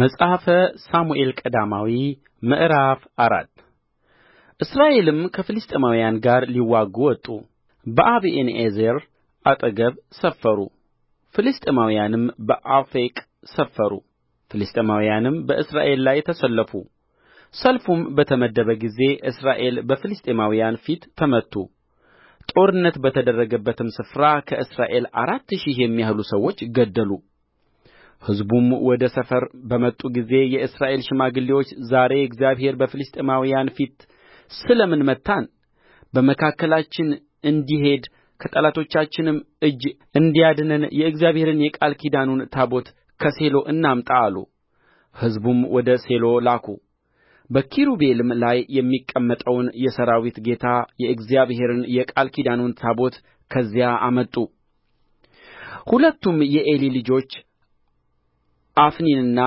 መጽሐፈ ሳሙኤል ቀዳማዊ ምዕራፍ አራት እስራኤልም ከፍልስጥኤማውያን ጋር ሊዋጉ ወጡ በአቤንኤዘር አጠገብ ሰፈሩ ፍልስጥኤማውያንም በአፌቅ ሰፈሩ ፍልስጥኤማውያንም በእስራኤል ላይ ተሰለፉ ሰልፉም በተመደበ ጊዜ እስራኤል በፍልስጥኤማውያን ፊት ተመቱ ጦርነት በተደረገበትም ስፍራ ከእስራኤል አራት ሺህ የሚያህሉ ሰዎች ገደሉ ሕዝቡም ወደ ሰፈር በመጡ ጊዜ የእስራኤል ሽማግሌዎች ዛሬ እግዚአብሔር በፍልስጥኤማውያን ፊት ስለ ምን መታን በመካከላችን እንዲሄድ ከጠላቶቻችንም እጅ እንዲያድነን የእግዚአብሔርን የቃል ኪዳኑን ታቦት ከሴሎ እናምጣ አሉ። ሕዝቡም ወደ ሴሎ ላኩ። በኪሩቤልም ላይ የሚቀመጠውን የሠራዊት ጌታ የእግዚአብሔርን የቃል ኪዳኑን ታቦት ከዚያ አመጡ። ሁለቱም የዔሊ ልጆች አፍኒንና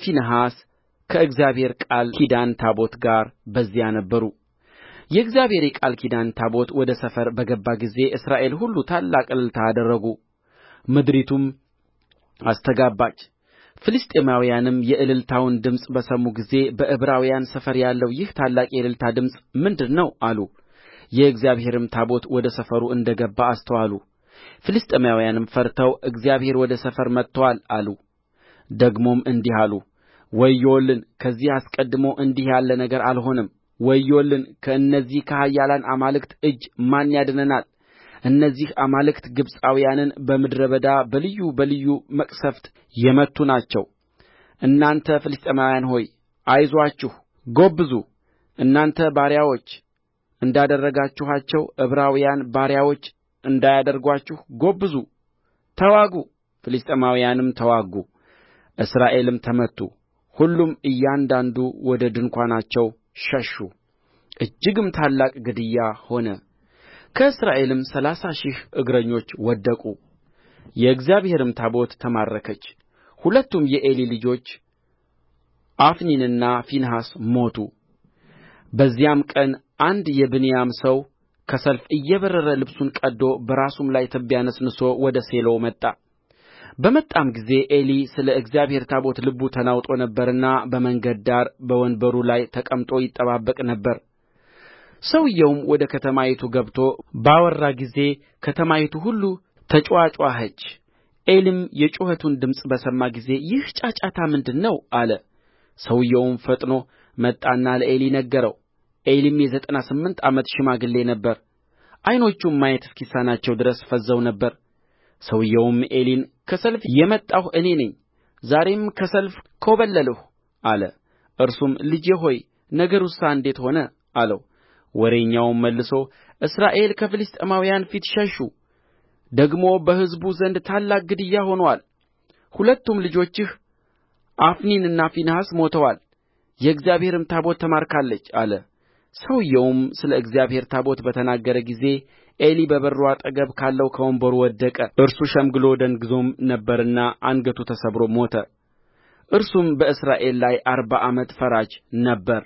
ፊንሐስ ከእግዚአብሔር ቃል ኪዳን ታቦት ጋር በዚያ ነበሩ የእግዚአብሔር የቃል ኪዳን ታቦት ወደ ሰፈር በገባ ጊዜ እስራኤል ሁሉ ታላቅ እልልታ አደረጉ ምድሪቱም አስተጋባች ፍልስጥኤማውያንም የእልልታውን ድምፅ በሰሙ ጊዜ በዕብራውያን ሰፈር ያለው ይህ ታላቅ የእልልታ ድምፅ ምንድር ነው አሉ የእግዚአብሔርም ታቦት ወደ ሰፈሩ እንደ ገባ አስተዋሉ ፍልስጥኤማውያንም ፈርተው እግዚአብሔር ወደ ሰፈር መጥቶአል አሉ ደግሞም እንዲህ አሉ ወዮልን ከዚህ አስቀድሞ እንዲህ ያለ ነገር አልሆነም ወዮልን ከእነዚህ ከኃያላን አማልክት እጅ ማን ያድነናል እነዚህ አማልክት ግብፃውያንን በምድረ በዳ በልዩ በልዩ መቅሠፍት የመቱ ናቸው እናንተ ፍልስጥኤማውያን ሆይ አይዞአችሁ ጎብዙ እናንተ ባሪያዎች እንዳደረጋችኋቸው ዕብራውያን ባሪያዎች እንዳያደርጓችሁ ጎብዙ ተዋጉ ፍልስጥኤማውያንም ተዋጉ እስራኤልም ተመቱ ሁሉም እያንዳንዱ ወደ ድንኳናቸው ሸሹ እጅግም ታላቅ ግድያ ሆነ ከእስራኤልም ሠላሳ ሺህ እግረኞች ወደቁ የእግዚአብሔርም ታቦት ተማረከች ሁለቱም የዔሊ ልጆች አፍኒንና ፊንሐስ ሞቱ በዚያም ቀን አንድ የብንያም ሰው ከሰልፍ እየበረረ ልብሱን ቀድዶ በራሱም ላይ ትቢያ ነስንሶ ወደ ሴሎ መጣ በመጣም ጊዜ ዔሊ ስለ እግዚአብሔር ታቦት ልቡ ተናውጦ ነበርና በመንገድ ዳር በወንበሩ ላይ ተቀምጦ ይጠባበቅ ነበር ሰውዮውም ወደ ከተማይቱ ገብቶ ባወራ ጊዜ ከተማይቱ ሁሉ ተጭዋጭዋኸች ዔሊም የጩኸቱን ድምፅ በሰማ ጊዜ ይህ ጫጫታ ምንድር ነው አለ ሰውዮውም ፈጥኖ መጣና ለዔሊ ነገረው ዔሊም የዘጠና ስምንት ዓመት ሽማግሌ ነበረ ዓይኖቹም ማየት እስኪሳናቸው ድረስ ፈዝዘው ነበር ሰውዮውም ዔሊን ከሰልፍ የመጣሁ እኔ ነኝ ዛሬም ከሰልፍ ኮበለልሁ አለ እርሱም ልጄ ሆይ ነገሩሳ እንዴት ሆነ አለው ወሬኛውም መልሶ እስራኤል ከፍልስጥኤማውያን ፊት ሸሹ ደግሞ በሕዝቡ ዘንድ ታላቅ ግድያ ሆኖአል ሁለቱም ልጆችህ አፍኒንና ፊንሐስ ሞተዋል የእግዚአብሔርም ታቦት ተማርካለች አለ ሰውዮውም ስለ እግዚአብሔር ታቦት በተናገረ ጊዜ ዔሊ በበሩ አጠገብ ካለው ከወንበሩ ወደቀ እርሱ ሸምግሎ ደንግዞም ነበርና አንገቱ ተሰብሮ ሞተ እርሱም በእስራኤል ላይ አርባ ዓመት ፈራጅ ነበረ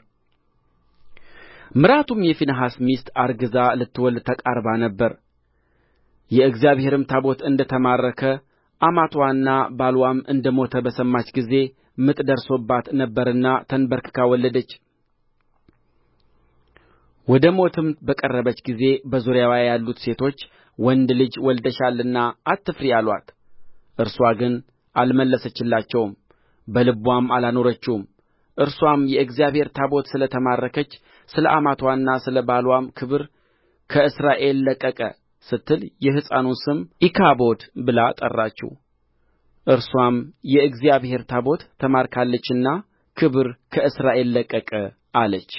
ምራቱም የፊንሐስ ሚስት አርግዛ ልትወልድ ተቃርባ ነበር የእግዚአብሔርም ታቦት እንደ ተማረከ አማትዋና ባልዋም እንደ ሞተ በሰማች ጊዜ ምጥ ደርሶባት ነበርና ተንበርክካ ወለደች ወደ ሞትም በቀረበች ጊዜ በዙሪያዋ ያሉት ሴቶች ወንድ ልጅ ወልደሻልና አትፍሪ አሉአት እርስዋ ግን አልመለሰችላቸውም በልብዋም አላኖረችውም እርስዋም የእግዚአብሔር ታቦት ስለ ተማረከች ስለ አማትዋና ስለ ባልዋም ክብር ከእስራኤል ለቀቀ ስትል የሕፃኑን ስም ኢካቦድ ብላ ጠራችው እርሷም የእግዚአብሔር ታቦት ተማርካለችና ክብር ከእስራኤል ለቀቀ አለች